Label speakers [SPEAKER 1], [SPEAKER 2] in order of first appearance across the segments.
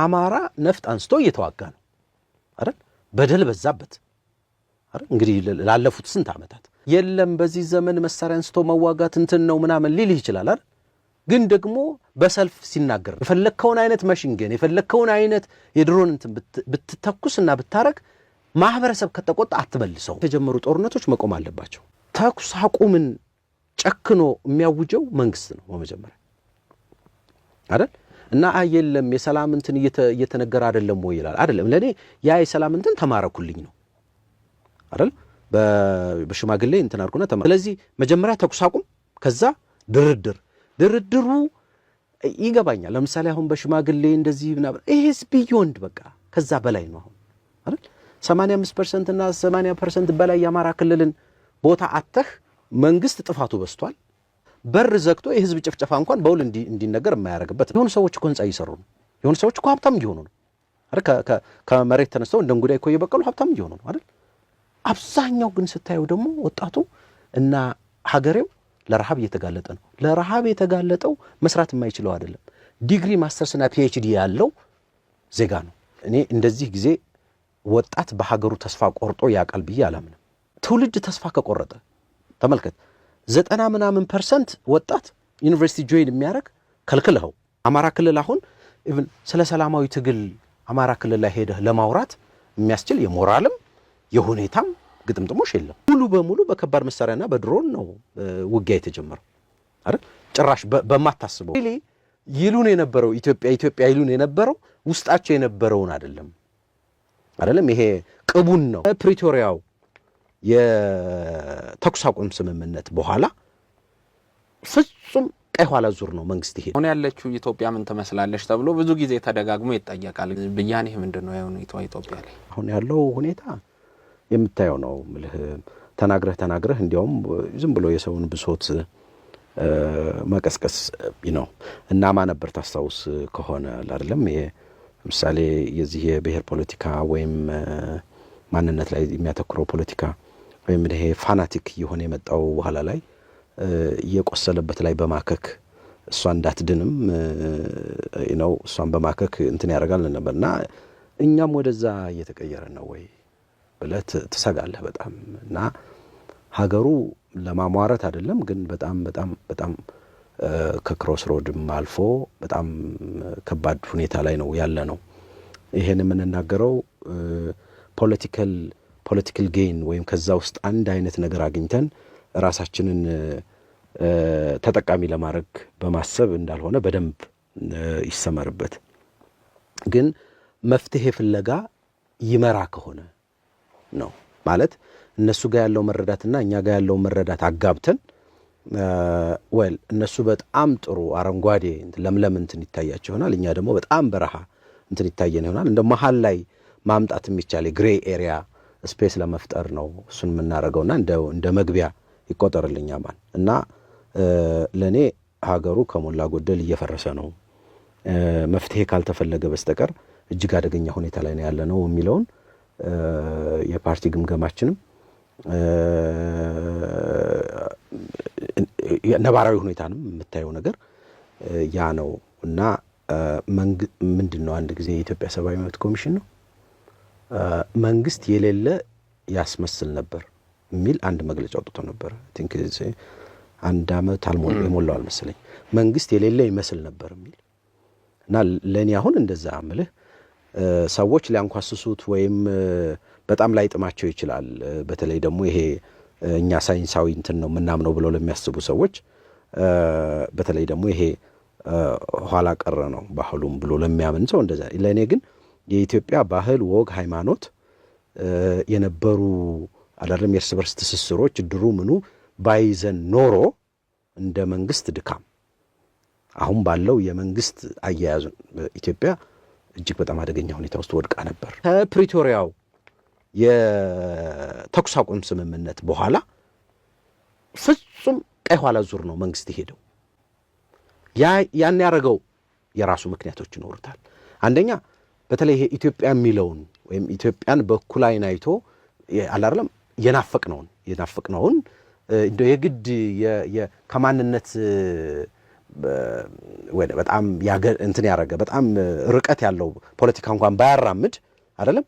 [SPEAKER 1] አማራ ነፍጥ አንስቶ እየተዋጋ ነው አይደል? በደል በዛበት አይደል? እንግዲህ ላለፉት ስንት ዓመታት የለም በዚህ ዘመን መሳሪያ አንስቶ መዋጋት እንትን ነው ምናምን ሊልህ ይችላል አይደል? ግን ደግሞ በሰልፍ ሲናገር የፈለግከውን አይነት መሽንገን የፈለግከውን አይነት የድሮን እንትን ብትተኩስ እና ብታረግ ማህበረሰብ ከተቆጣ አትመልሰው። የተጀመሩ ጦርነቶች መቆም አለባቸው። ተኩስ አቁምን ጨክኖ የሚያውጀው መንግስት ነው በመጀመሪያ አይደል? እና አይ የለም የሰላም እንትን እየተነገረ አይደለም ወይ ይላል። አይደለም ለእኔ ያ የሰላም እንትን ተማረኩልኝ ነው አይደል? በሽማግሌ እንትን አድርጎና ተማረ። ስለዚህ መጀመሪያ ተኩስ አቁም፣ ከዛ ድርድር። ድርድሩ ይገባኛል። ለምሳሌ አሁን በሽማግሌ እንደዚህ ምናምን ይሄስ ቢዮንድ በቃ ከዛ በላይ ነው አሁን አይደል? 85 ፐርሰንት እና 80 ፐርሰንት በላይ የአማራ ክልልን ቦታ አተህ መንግስት ጥፋቱ በስቷል በር ዘግቶ የህዝብ ጭፍጨፋ እንኳን በውል እንዲነገር የማያደርግበት የሆኑ ሰዎች እኮ ህንፃ እየሰሩ ነው። የሆኑ ሰዎች እኮ ሀብታም እንዲሆኑ ነው ከመሬት ተነስተው እንደ እንጉዳይ እኮ እየበቀሉ ሀብታም እንዲሆኑ ነው አይደል? አብዛኛው ግን ስታየው ደግሞ ወጣቱ እና ሀገሬው ለረሃብ እየተጋለጠ ነው። ለረሃብ የተጋለጠው መስራት የማይችለው አይደለም። ዲግሪ ማስተርስና ፒኤችዲ ያለው ዜጋ ነው። እኔ እንደዚህ ጊዜ ወጣት በሀገሩ ተስፋ ቆርጦ ያውቃል ብዬ አላምንም። ትውልድ ተስፋ ከቆረጠ ተመልከት ዘጠና ምናምን ፐርሰንት ወጣት ዩኒቨርሲቲ ጆይን የሚያደርግ ከልክልኸው። አማራ ክልል አሁን ኢቭን ስለ ሰላማዊ ትግል አማራ ክልል ላይ ሄደህ ለማውራት የሚያስችል የሞራልም የሁኔታም ግጥምጥሞሽ የለም። ሙሉ በሙሉ በከባድ መሳሪያና በድሮን ነው ውጊያ የተጀመረው አይደል? ጭራሽ በማታስበው ይሉን የነበረው ኢትዮጵያ ኢትዮጵያ ይሉን የነበረው ውስጣቸው የነበረውን አይደለም አይደለም፣ ይሄ ቅቡን ነው ፕሪቶሪያው የተኩስ አቁም ስምምነት በኋላ ፍጹም ቀይ ኋላ ዙር ነው መንግስት። ይሄ ሆነ ያለችው ኢትዮጵያ ምን ትመስላለች ተብሎ ብዙ ጊዜ ተደጋግሞ ይጠየቃል። ብያኔህ ምንድን ነው የሆኑቷ ኢትዮጵያ ላይ
[SPEAKER 2] አሁን ያለው ሁኔታ የምታየው ነው ምልህ ተናግረህ ተናግረህ እንዲያውም ዝም ብሎ የሰውን ብሶት መቀስቀስ ነው እና ማ ነበር ታስታውስ ከሆነ አይደለም ይሄ ምሳሌ የዚህ የብሔር ፖለቲካ ወይም ማንነት ላይ የሚያተኩረው ፖለቲካ ወይም ይሄ ፋናቲክ እየሆነ የመጣው በኋላ ላይ እየቆሰለበት ላይ በማከክ እሷ እንዳትድንም ነው እሷን በማከክ እንትን ያደርጋል ነበር እና እኛም ወደዛ እየተቀየረ ነው ወይ ብለህ ትሰጋለህ በጣም እና ሀገሩ ለማሟረት አይደለም ግን በጣም በጣም በጣም ከክሮስ ሮድም አልፎ በጣም ከባድ ሁኔታ ላይ ነው ያለ ነው። ይሄን የምንናገረው ፖለቲካል ፖለቲካል ጌን ወይም ከዛ ውስጥ አንድ አይነት ነገር አግኝተን ራሳችንን ተጠቃሚ ለማድረግ በማሰብ እንዳልሆነ በደንብ ይሰመርበት። ግን መፍትሄ ፍለጋ ይመራ ከሆነ ነው ማለት እነሱ ጋር ያለው መረዳትና እኛ ጋር ያለው መረዳት አጋብተን ወል እነሱ በጣም ጥሩ አረንጓዴ ለምለም እንትን ይታያቸው ይሆናል። እኛ ደግሞ በጣም በረሃ እንትን ይታየን ይሆናል። እንደ መሀል ላይ ማምጣት የሚቻል የግሬ ኤሪያ ስፔስ ለመፍጠር ነው እሱን የምናደርገውና እንደ መግቢያ ይቆጠርልኛ እና ለእኔ ሀገሩ ከሞላ ጎደል እየፈረሰ ነው መፍትሄ ካልተፈለገ በስተቀር እጅግ አደገኛ ሁኔታ ላይ ነው ያለ ነው የሚለውን የፓርቲ ግምገማችንም ነባራዊ ሁኔታንም የምታየው ነገር ያ ነው እና ምንድን ነው አንድ ጊዜ የኢትዮጵያ ሰብአዊ መብት ኮሚሽን ነው መንግስት የሌለ ያስመስል ነበር የሚል አንድ መግለጫ አውጥቶ ነበር። ቲንክ አንድ ዓመት የሞላው አልመስለኝ መንግስት የሌለ ይመስል ነበር የሚል እና ለእኔ አሁን እንደዛ ምልህ ሰዎች ሊያንኳስሱት ወይም በጣም ላይጥማቸው ይችላል። በተለይ ደግሞ ይሄ እኛ ሳይንሳዊ እንትን ነው ምናምነው ብለው ለሚያስቡ ሰዎች በተለይ ደግሞ ይሄ ኋላ ቀረ ነው ባህሉም ብሎ ለሚያምን ሰው እንደዛ ለእኔ ግን የኢትዮጵያ ባህል፣ ወግ፣ ሃይማኖት የነበሩ አላለም የእርስ በርስ ትስስሮች ድሩ ምኑ ባይዘን ኖሮ እንደ መንግስት ድካም አሁን ባለው የመንግስት አያያዙን ኢትዮጵያ እጅግ በጣም አደገኛ ሁኔታ ውስጥ ወድቃ ነበር።
[SPEAKER 1] ከፕሪቶሪያው የተኩስ አቁም ስምምነት በኋላ ፍጹም ቀይ ኋላ ዙር ነው መንግስት የሄደው። ያን ያደረገው የራሱ ምክንያቶች ይኖሩታል። አንደኛ በተለይ ይሄ ኢትዮጵያ የሚለውን ወይም ኢትዮጵያን በኩል አይን አይቶ አላለም ነውን እንደ የግድ ከማንነት በጣም እንትን ያደረገ በጣም ርቀት ያለው ፖለቲካ እንኳን ባያራምድ አይደለም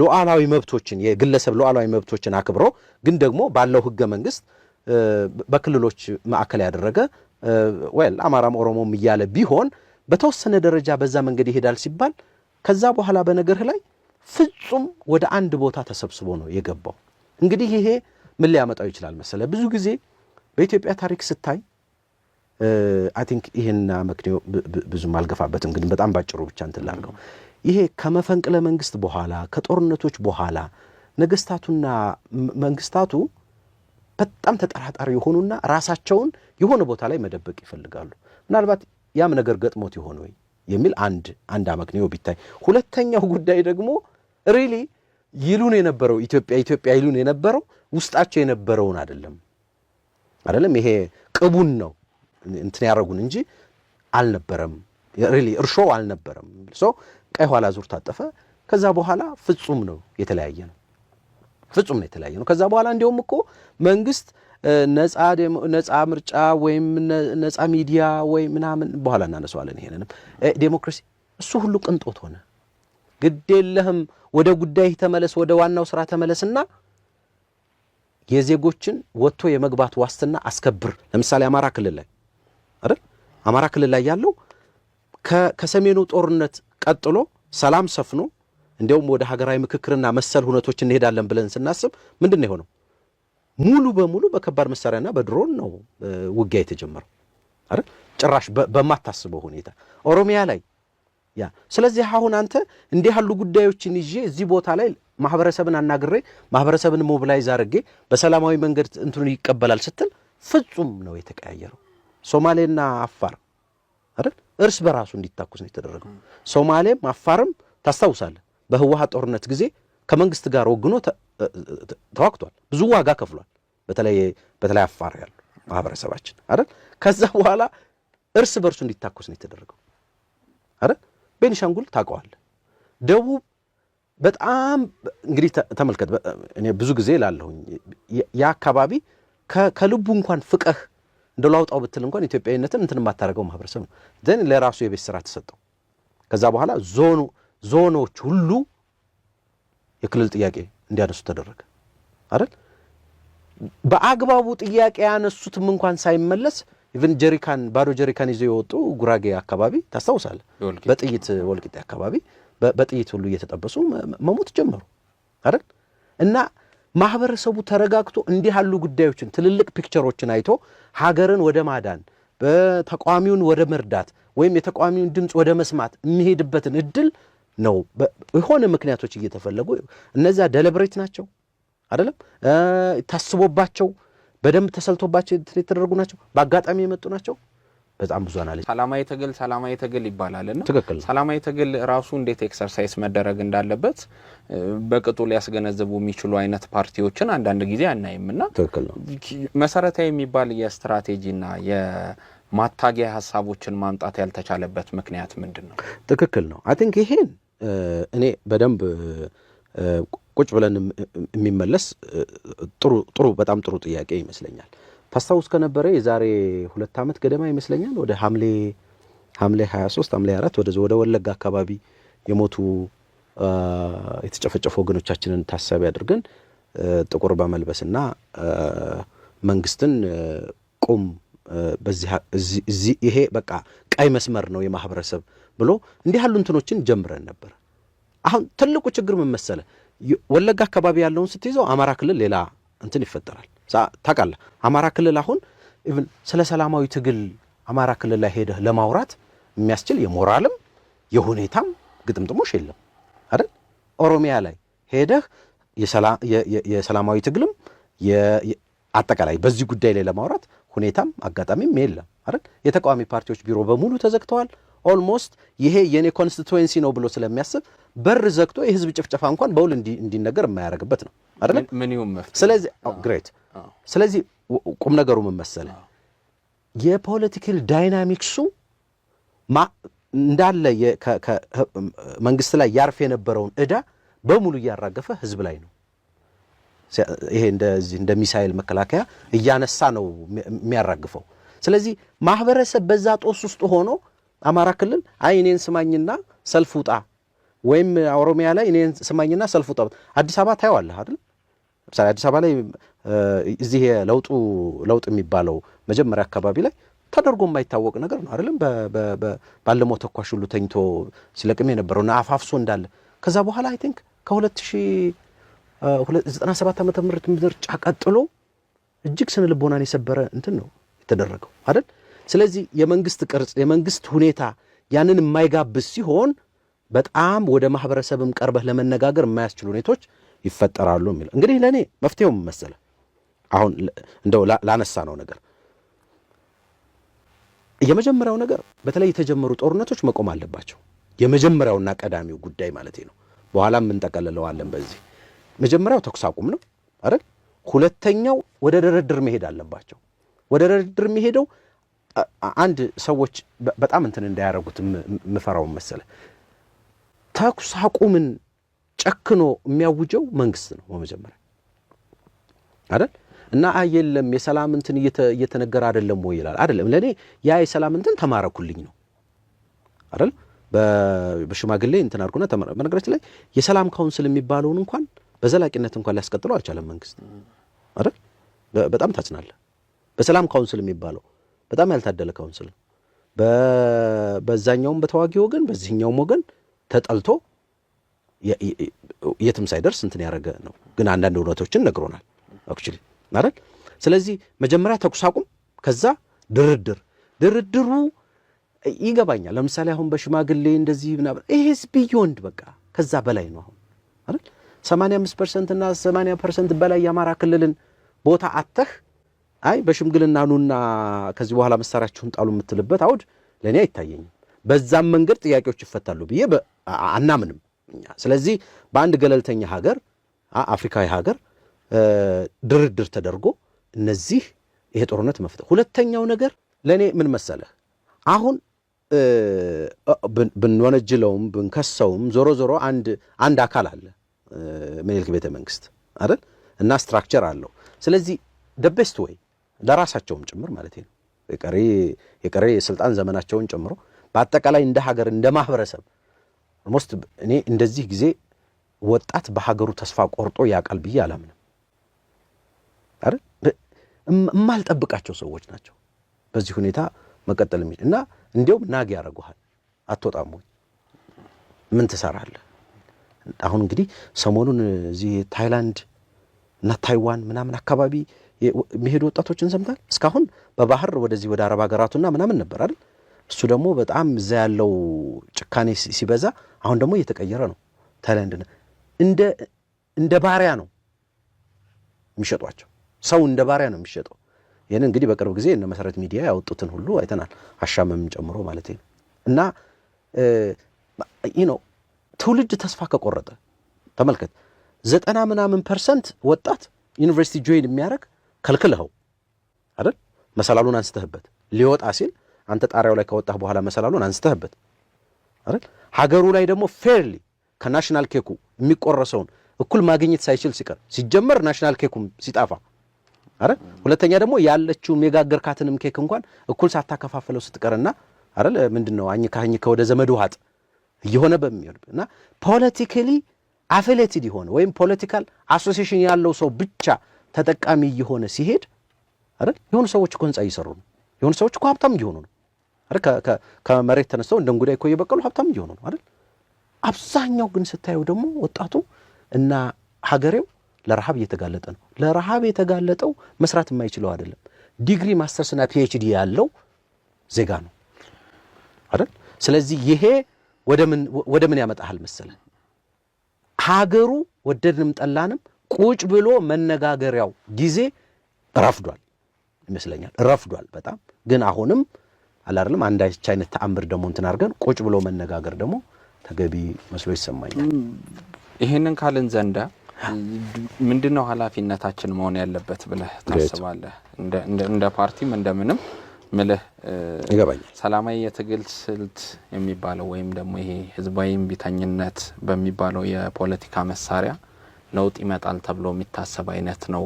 [SPEAKER 1] ሉዓላዊ መብቶችን የግለሰብ ሉዓላዊ መብቶችን አክብሮ ግን ደግሞ ባለው ህገ መንግስት በክልሎች ማዕከል ያደረገ ወይ አማራም ኦሮሞም እያለ ቢሆን በተወሰነ ደረጃ በዛ መንገድ ይሄዳል ሲባል ከዛ በኋላ በነገርህ ላይ ፍጹም ወደ አንድ ቦታ ተሰብስቦ ነው የገባው። እንግዲህ ይሄ ምን ሊያመጣው ይችላል መሰለ? ብዙ ጊዜ በኢትዮጵያ ታሪክ ስታይ አይ ቲንክ ይህና መክንዮ ብዙም አልገፋበትም፣ ግን በጣም ባጭሩ ብቻ እንትን ላድርገው። ይሄ ከመፈንቅለ መንግስት በኋላ ከጦርነቶች በኋላ ነገስታቱና መንግስታቱ በጣም ተጠራጣሪ የሆኑና ራሳቸውን የሆነ ቦታ ላይ መደበቅ ይፈልጋሉ። ምናልባት ያም ነገር ገጥሞት ይሆን ወይ የሚል አንድ አንድ አመክንዮ ቢታይ፣ ሁለተኛው ጉዳይ ደግሞ ሪሊ ይሉን የነበረው ኢትዮጵያ ኢትዮጵያ ይሉን የነበረው ውስጣቸው የነበረውን አይደለም አይደለም ይሄ ቅቡን ነው እንትን ያደረጉን እንጂ አልነበረም። ሪሊ እርሾው አልነበረም። ሶ ቀይ ኋላ ዙር ታጠፈ። ከዛ በኋላ ፍጹም ነው የተለያየ ነው ፍጹም ነው የተለያየ ነው። ከዛ በኋላ እንዲሁም እኮ መንግስት ነፃ ምርጫ ወይም ነፃ ሚዲያ ወይ ምናምን በኋላ እናነሰዋለን። ይሄንንም ዴሞክራሲ እሱ ሁሉ ቅንጦት ሆነ። ግድ የለህም፣ ወደ ጉዳይ ተመለስ፣ ወደ ዋናው ስራ ተመለስና የዜጎችን ወጥቶ የመግባት ዋስትና አስከብር። ለምሳሌ አማራ ክልል ላይ አይደል? አማራ ክልል ላይ ያለው ከሰሜኑ ጦርነት ቀጥሎ ሰላም ሰፍኖ እንዲያውም ወደ ሀገራዊ ምክክርና መሰል ሁነቶች እንሄዳለን ብለን ስናስብ ምንድን ነው የሆነው? ሙሉ በሙሉ በከባድ መሳሪያና በድሮን ነው ውጊያ የተጀመረው አይደል? ጭራሽ በማታስበው ሁኔታ ኦሮሚያ ላይ ያ። ስለዚህ አሁን አንተ እንዲህ ያሉ ጉዳዮችን ይዤ እዚህ ቦታ ላይ ማህበረሰብን አናግሬ ማህበረሰብን ሞብላይዝ አድርጌ በሰላማዊ መንገድ እንትኑ ይቀበላል ስትል ፍጹም ነው የተቀያየረው። ሶማሌና አፋር አይደል እርስ በራሱ እንዲታኩስ ነው የተደረገው። ሶማሌም አፋርም ታስታውሳለህ በህወሀት ጦርነት ጊዜ ከመንግስት ጋር ወግኖ ተዋግቷል። ብዙ ዋጋ ከፍሏል። በተለይ አፋር ያሉ ማህበረሰባችን አይደል። ከዛ በኋላ እርስ በርሱ እንዲታኮስ ነው የተደረገው አይደል። ቤኒሻንጉል ታውቀዋለህ። ደቡብ በጣም እንግዲህ ተመልከት። እኔ ብዙ ጊዜ ላለሁኝ ያ አካባቢ ከልቡ እንኳን ፍቀህ እንደ ላውጣው ብትል እንኳን ኢትዮጵያዊነትን እንትን የማታደርገው ማህበረሰብ ነው። ዘን ለራሱ የቤት ስራ ተሰጠው። ከዛ በኋላ ዞኖች ሁሉ የክልል ጥያቄ እንዲያነሱ ተደረገ አይደል? በአግባቡ ጥያቄ ያነሱትም እንኳን ሳይመለስ ኢቨን ጀሪካን ባዶ ጀሪካን ይዘው የወጡ ጉራጌ አካባቢ ታስታውሳለህ? በጥይት ወልቂጤ አካባቢ በጥይት ሁሉ እየተጠበሱ መሞት ጀመሩ አይደል? እና ማህበረሰቡ ተረጋግቶ እንዲህ ያሉ ጉዳዮችን ትልልቅ ፒክቸሮችን አይቶ ሀገርን ወደ ማዳን በተቃዋሚውን ወደ መርዳት ወይም የተቃዋሚውን ድምፅ ወደ መስማት የሚሄድበትን እድል ነው የሆነ ምክንያቶች እየተፈለጉ እነዚያ ደለብሬት ናቸው አይደለም ታስቦባቸው በደንብ ተሰልቶባቸው የተደረጉ ናቸው፣ በአጋጣሚ የመጡ ናቸው። በጣም ብዙ አናለ
[SPEAKER 3] ሰላማዊ ትግል ሰላማዊ ትግል ይባላል ና ትክክል ሰላማዊ ትግል ራሱ እንዴት ኤክሰርሳይዝ መደረግ እንዳለበት በቅጡ ሊያስገነዘቡ የሚችሉ አይነት ፓርቲዎችን አንዳንድ ጊዜ አናይም ነው መሰረታዊ የሚባል የስትራቴጂና ማታጊያ ሀሳቦችን ማምጣት ያልተቻለበት ምክንያት ምንድን ነው?
[SPEAKER 4] ትክክል ነው። አይ ቲንክ ይሄን እኔ በደንብ ቁጭ ብለን የሚመለስ ጥሩ ጥሩ በጣም ጥሩ ጥያቄ ይመስለኛል። ፓስታውስ ከነበረ የዛሬ ሁለት ዓመት ገደማ ይመስለኛል ወደ ሐምሌ ሐምሌ 23 ሐምሌ 4 ወደ ወደ ወለጋ አካባቢ የሞቱ የተጨፈጨፉ ወገኖቻችንን ታሳቢ አድርገን ጥቁር በመልበስና መንግስትን ቁም ይሄ በቃ ቀይ መስመር ነው የማህበረሰብ ብሎ እንዲህ ያሉ እንትኖችን ጀምረን ነበር። አሁን ትልቁ ችግር ምን መሰለ፣ ወለጋ አካባቢ ያለውን ስትይዘው አማራ ክልል ሌላ እንትን ይፈጠራል። ታውቃለህ፣ አማራ ክልል አሁን ኢቭን ስለ ሰላማዊ ትግል አማራ ክልል ላይ ሄደህ ለማውራት የሚያስችል የሞራልም የሁኔታም ግጥምጥሞሽ የለም አይደል? ኦሮሚያ ላይ ሄደህ የሰላማዊ ትግልም አጠቃላይ በዚህ ጉዳይ ላይ ለማውራት ሁኔታም አጋጣሚም የለም አይደል? የተቃዋሚ ፓርቲዎች ቢሮ በሙሉ ተዘግተዋል። ኦልሞስት ይሄ የኔ ኮንስቲትዌንሲ ነው ብሎ ስለሚያስብ በር ዘግቶ የህዝብ ጭፍጨፋ እንኳን በውል እንዲነገር የማያደርግበት ነው አይደል? ስለዚህ ግሬት። ስለዚህ ቁም ነገሩ ምን መሰለ፣ የፖለቲካል ዳይናሚክሱ እንዳለ መንግስት ላይ ያርፍ የነበረውን እዳ በሙሉ እያራገፈ ህዝብ ላይ ነው። ይሄ እንደዚህ እንደ ሚሳኤል መከላከያ እያነሳ ነው የሚያራግፈው። ስለዚህ ማህበረሰብ በዛ ጦስ ውስጥ ሆኖ አማራ ክልል አይ እኔን ስማኝና ሰልፍ ውጣ ወይም ኦሮሚያ ላይ እኔን ስማኝና ሰልፍ ውጣ። አዲስ አበባ ታየዋለህ አይደል? ምሳሌ አዲስ አበባ ላይ እዚህ ለውጡ ለውጥ የሚባለው መጀመሪያ አካባቢ ላይ ተደርጎ የማይታወቅ ነገር ነው አይደለም? ባለመው ተኳሽ ሁሉ ተኝቶ ሲለቅም የነበረውና አፋፍሶ እንዳለ ከዛ በኋላ አይ ቲንክ ከሁለት ሺህ 97 ዓመተ ምህረት ምርጫ ቀጥሎ እጅግ ስነ ልቦናን የሰበረ እንትን ነው የተደረገው አይደል? ስለዚህ የመንግስት ቅርጽ የመንግስት ሁኔታ ያንን የማይጋብዝ ሲሆን በጣም ወደ ማህበረሰብም ቀርበህ ለመነጋገር የማያስችሉ ሁኔቶች ይፈጠራሉ የሚለው እንግዲህ ለእኔ መፍትሄውም መሰለ አሁን እንደው ላነሳ ነው ነገር የመጀመሪያው ነገር በተለይ የተጀመሩ ጦርነቶች መቆም አለባቸው። የመጀመሪያውና ቀዳሚው ጉዳይ ማለት ነው። በኋላም እንጠቀልለዋለን በዚህ መጀመሪያው ተኩስ አቁም ነው አይደል? ሁለተኛው ወደ ድርድር መሄድ አለባቸው። ወደ ድርድር የሚሄደው አንድ ሰዎች በጣም እንትን እንዳያደርጉት ምፈራውን መሰለ ተኩስ አቁምን ጨክኖ የሚያውጀው መንግስት ነው በመጀመሪያ አይደል እና አይ የለም የሰላም እንትን እየተነገረ አይደለም ወይ ይላል። አይደለም ለእኔ ያ የሰላም እንትን ተማረኩልኝ ነው አይደል በሽማግሌ እንትን አድርጎና በነገራችን ላይ የሰላም ካውንስል የሚባለውን እንኳን በዘላቂነት እንኳን ሊያስቀጥለው አልቻለም መንግስት አይደል? በጣም ታጽናለ በሰላም ካውንስል የሚባለው በጣም ያልታደለ ካውንስል ነው። በዛኛውም በተዋጊ ወገን በዚህኛውም ወገን ተጠልቶ የትም ሳይደርስ እንትን ያደረገ ነው። ግን አንዳንድ እውነቶችን ነግሮናል አክቹሊ አይደል ስለዚህ መጀመሪያ ተኩስ አቁም፣ ከዛ ድርድር። ድርድሩ ይገባኛል። ለምሳሌ አሁን በሽማግሌ እንደዚህ ምናምን ይሄስ ቢዮንድ በቃ ከዛ በላይ ነው አሁን 85 ፐርሰንት እና 80 ፐርሰንት በላይ የአማራ ክልልን ቦታ አተህ አይ በሽምግልና ኑና ከዚህ በኋላ መሳሪያችሁን ጣሉ የምትልበት አውድ ለእኔ አይታየኝም። በዛም መንገድ ጥያቄዎች ይፈታሉ ብዬ አናምንም ስለዚህ በአንድ ገለልተኛ ሀገር፣ አፍሪካዊ ሀገር ድርድር ተደርጎ እነዚህ ይሄ ጦርነት መፍጠ ሁለተኛው ነገር ለእኔ ምን መሰለህ አሁን ብንወነጅለውም ብንከሰውም ዞሮ ዞሮ አንድ አንድ አካል አለ ምኒልክ ቤተ መንግስት አይደል እና ስትራክቸር አለው። ስለዚህ ደቤስት ወይ ለራሳቸውም ጭምር ማለት ነው የቀሬ የስልጣን ዘመናቸውን ጨምሮ በአጠቃላይ እንደ ሀገር እንደ ማህበረሰብ ኦልሞስት እኔ እንደዚህ ጊዜ ወጣት በሀገሩ ተስፋ ቆርጦ ያውቃል ብዬ አላምንም። አይደል እማልጠብቃቸው ሰዎች ናቸው። በዚህ ሁኔታ መቀጠል እና እንዲያውም ናግ ያደርጉሃል። አትወጣም ወይ ምን ትሰራለህ? አሁን እንግዲህ ሰሞኑን እዚህ ታይላንድ እና ታይዋን ምናምን አካባቢ የሚሄዱ ወጣቶችን ሰምታል። እስካሁን በባህር ወደዚህ ወደ አረብ ሀገራቱና ምናምን ነበር አይደል? እሱ ደግሞ በጣም እዛ ያለው ጭካኔ ሲበዛ፣ አሁን ደግሞ እየተቀየረ ነው። ታይላንድ እንደ እንደ ባሪያ ነው የሚሸጧቸው። ሰው እንደ ባሪያ ነው የሚሸጠው። ይህን እንግዲህ በቅርብ ጊዜ እነ መሰረት ሚዲያ ያወጡትን ሁሉ አይተናል፣ አሻምም ጨምሮ ማለት ነው እና ነው። ትውልድ ተስፋ ከቆረጠ ተመልከት፣ ዘጠና ምናምን ፐርሰንት ወጣት ዩኒቨርሲቲ ጆይን የሚያደርግ ከልክልኸው አይደል? መሰላሉን አንስተህበት ሊወጣ ሲል አንተ ጣሪያው ላይ ከወጣህ በኋላ መሰላሉን አንስተህበት አይደል? ሀገሩ ላይ ደግሞ ፌርሊ ከናሽናል ኬኩ የሚቆረሰውን እኩል ማግኘት ሳይችል ሲቀር ሲጀመር ናሽናል ኬኩም ሲጣፋ አረ ሁለተኛ ደግሞ ያለችው የጋገርካትንም ኬክ እንኳን እኩል ሳታከፋፈለው ስትቀርና አረ ምንድን ነው ካኝ ከወደ ዘመድ ውሃጥ እየሆነ በሚሄዱ እና ፖለቲካሊ አፊሌትድ የሆነ ወይም ፖለቲካል አሶሲሽን ያለው ሰው ብቻ ተጠቃሚ እየሆነ ሲሄድ አይደል የሆኑ ሰዎች እኮ ህንፃ እየሰሩ ነው። የሆኑ ሰዎች እኮ ሀብታም እየሆኑ ነው አይደል ከመሬት ተነስተው እንደ እንጉዳይ እኮ እየበቀሉ ሀብታም እየሆኑ ነው አይደል። አብዛኛው ግን ስታየው ደግሞ ወጣቱ እና ሀገሬው ለረሃብ እየተጋለጠ ነው። ለረሃብ የተጋለጠው መስራት የማይችለው አይደለም፣ ዲግሪ ማስተርስና ፒኤችዲ ያለው ዜጋ ነው አይደል። ስለዚህ ይሄ ወደ ምን ያመጣሃል መሰለ? ሀገሩ ወደድንም ጠላንም ቁጭ ብሎ መነጋገሪያው ጊዜ ረፍዷል ይመስለኛል። ረፍዷል በጣም ግን አሁንም አላርልም አንዳች አይነት ተአምር ደግሞ እንትን አድርገን ቁጭ ብሎ መነጋገር ደግሞ ተገቢ መስሎ ይሰማኛል።
[SPEAKER 3] ይሄንን ካልን ዘንዳ ምንድነው ኃላፊነታችን መሆን ያለበት ብለህ ታስባለህ? እንደ ፓርቲም እንደምንም ምልህ ይገባኛል። ሰላማዊ የትግል ስልት የሚባለው ወይም ደግሞ ይሄ ህዝባዊ እምቢተኝነት በሚባለው የፖለቲካ መሳሪያ ለውጥ ይመጣል ተብሎ የሚታሰብ አይነት ነው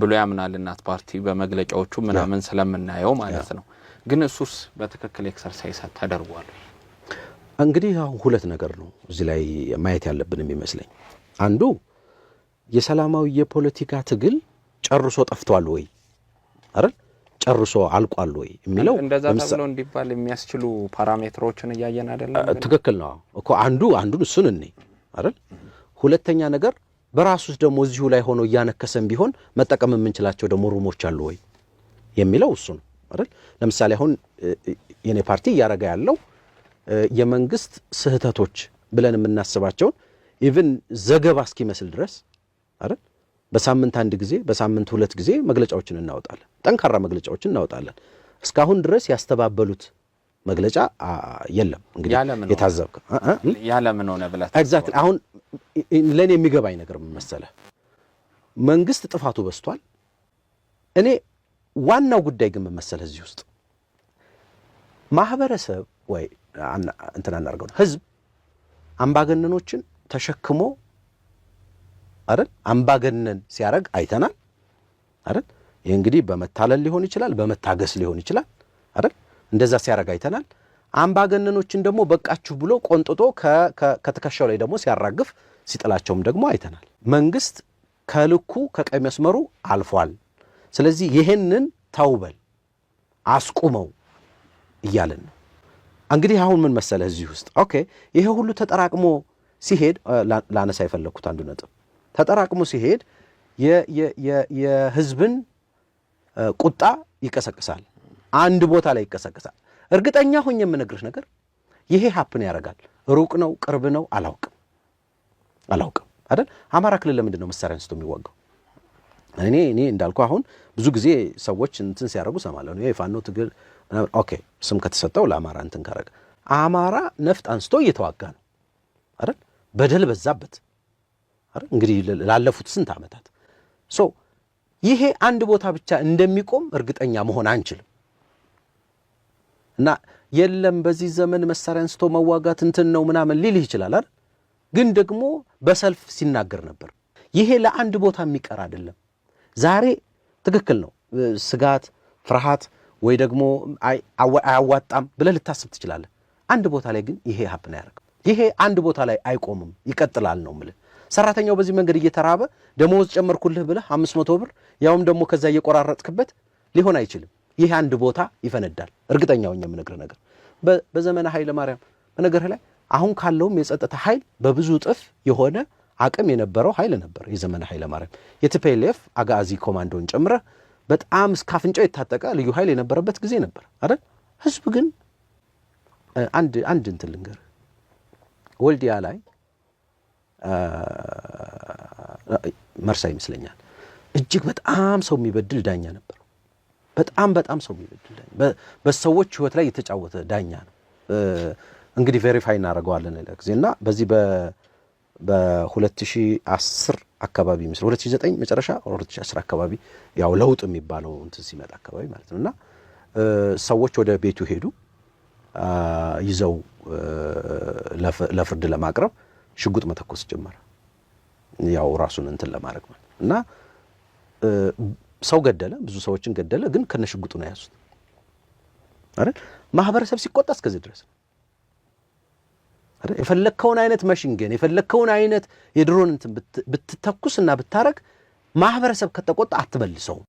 [SPEAKER 3] ብሎ ያምናል እናት ፓርቲ በመግለጫዎቹ ምናምን ስለምናየው ማለት ነው። ግን እሱስ በትክክል ኤክሰርሳይዝ ተደርጓል?
[SPEAKER 4] እንግዲህ አሁን ሁለት ነገር ነው እዚህ ላይ ማየት ያለብን የሚመስለኝ። አንዱ የሰላማዊ የፖለቲካ ትግል ጨርሶ ጠፍቷል ወይ አይደል ጨርሶ አልቋል ወይ የሚለው
[SPEAKER 3] እንደዛ ተብሎ እንዲባል የሚያስችሉ ፓራሜትሮችን እያየን አይደለም።
[SPEAKER 4] ትክክል ነው እኮ አንዱ አንዱን እሱን እኔ አይደል። ሁለተኛ ነገር በራሱ ውስጥ ደግሞ እዚሁ ላይ ሆኖ እያነከሰን ቢሆን መጠቀም የምንችላቸው ደግሞ ሩሞች አሉ ወይ የሚለው እሱ ነው አይደል። ለምሳሌ አሁን የኔ ፓርቲ እያረገ ያለው የመንግስት ስህተቶች ብለን የምናስባቸውን ኢቭን ዘገባ እስኪመስል ድረስ አይደል በሳምንት አንድ ጊዜ በሳምንት ሁለት ጊዜ መግለጫዎችን እናወጣለን። ጠንካራ መግለጫዎችን እናወጣለን። እስካሁን ድረስ ያስተባበሉት መግለጫ የለም። እንግዲህ የታዘብከ
[SPEAKER 3] ያለምን ሆነ ብላ
[SPEAKER 4] ኤግዛክትሊ። አሁን ለእኔ የሚገባኝ ነገር ምን መሰለህ፣ መንግስት ጥፋቱ በስቷል። እኔ ዋናው ጉዳይ ግን ምን መሰለህ፣ እዚህ ውስጥ ማህበረሰብ ወይ እንትን አናርገው ህዝብ አምባገነኖችን ተሸክሞ አይደል አምባገነን ሲያደርግ አይተናል አይደል ይህ እንግዲህ በመታለል ሊሆን ይችላል በመታገስ ሊሆን ይችላል አይደል እንደዛ ሲያደርግ አይተናል አምባገነኖችን ደግሞ በቃችሁ ብሎ ቆንጥጦ ከትከሻው ላይ ደግሞ ሲያራግፍ ሲጥላቸውም ደግሞ አይተናል መንግስት ከልኩ ከቀይ መስመሩ አልፏል ስለዚህ ይሄንን ተውበል አስቁመው እያለን ነው እንግዲህ አሁን ምን መሰለህ እዚህ ውስጥ ኦኬ ይሄ ሁሉ ተጠራቅሞ ሲሄድ ላነሳ የፈለግኩት አንዱ ነጥብ ተጠራቅሞ ሲሄድ የህዝብን ቁጣ ይቀሰቅሳል። አንድ ቦታ ላይ ይቀሰቅሳል። እርግጠኛ ሆኜ የምነግርሽ ነገር ይሄ ሀፕን ያደርጋል። ሩቅ ነው ቅርብ ነው አላውቅም፣ አላውቅም አይደል? አማራ ክልል ለምንድን ነው መሳሪያ አንስቶ የሚዋጋው? እኔ እኔ እንዳልኩ አሁን ብዙ ጊዜ ሰዎች እንትን ሲያደርጉ ሰማለሁ። የፋኖ ትግል ኦኬ፣ ስም ከተሰጠው ለአማራ እንትን ካረገ አማራ ነፍጥ አንስቶ እየተዋጋ ነው አይደል? በደል በዛበት እንግዲህ ላለፉት ስንት ዓመታት ሶ ይሄ አንድ ቦታ ብቻ እንደሚቆም እርግጠኛ መሆን አንችልም እና የለም በዚህ ዘመን መሳሪያ አንስቶ መዋጋት እንትን ነው ምናምን ሊልህ ይችላል አይደል ግን ደግሞ በሰልፍ ሲናገር ነበር ይሄ ለአንድ ቦታ የሚቀር አይደለም ዛሬ ትክክል ነው ስጋት ፍርሃት ወይ ደግሞ አያዋጣም ብለህ ልታስብ ትችላለህ አንድ ቦታ ላይ ግን ይሄ ሀፕን አያደርግም ይሄ አንድ ቦታ ላይ አይቆምም ይቀጥላል ነው ምልህ ሰራተኛው በዚህ መንገድ እየተራበ ደሞዝ ጨመርኩልህ ብለህ አምስት መቶ ብር ያውም ደግሞ ከዛ እየቆራረጥክበት ሊሆን አይችልም። ይህ አንድ ቦታ ይፈነዳል። እርግጠኛው የምነግርህ ነገር በዘመነ ኃይለ ማርያም በነገርህ ላይ አሁን ካለውም የጸጥታ ኃይል በብዙ እጥፍ የሆነ አቅም የነበረው ኃይል ነበር። የዘመነ ኃይለ ማርያም የቲፒኤልኤፍ አጋዚ ኮማንዶን ጨምረ በጣም እስከ አፍንጫው የታጠቀ ልዩ ኃይል የነበረበት ጊዜ ነበር አይደል? ህዝብ ግን አንድ አንድ እንትን ልንገርህ ወልዲያ ላይ መርሳ ይመስለኛል። እጅግ በጣም ሰው የሚበድል ዳኛ ነበር። በጣም በጣም ሰው የሚበድል ዳኛ፣ በሰዎች ህይወት ላይ የተጫወተ ዳኛ ነው። እንግዲህ ቬሪፋይ እናደርገዋለን ሌላ ጊዜ እና በዚህ በ2010 አካባቢ ይመስል 2009 መጨረሻ 2010 አካባቢ ያው ለውጥ የሚባለው እንትን ሲመጣ አካባቢ ማለት ነው እና ሰዎች ወደ ቤቱ ሄዱ ይዘው ለፍርድ ለማቅረብ ሽጉጥ መተኮስ ጀመረ። ያው ራሱን እንትን ለማድረግ ማለት እና ሰው ገደለ፣ ብዙ ሰዎችን ገደለ። ግን ከነ ሽጉጡ ነው የያዙት አይደል? ማህበረሰብ ሲቆጣ እስከዚህ ድረስ አይደል? የፈለግከውን አይነት መሽንገን የፈለግከውን አይነት የድሮን እንትን ብትተኩስና ብታረግ ማህበረሰብ ከተቆጣ አትበልሰውም።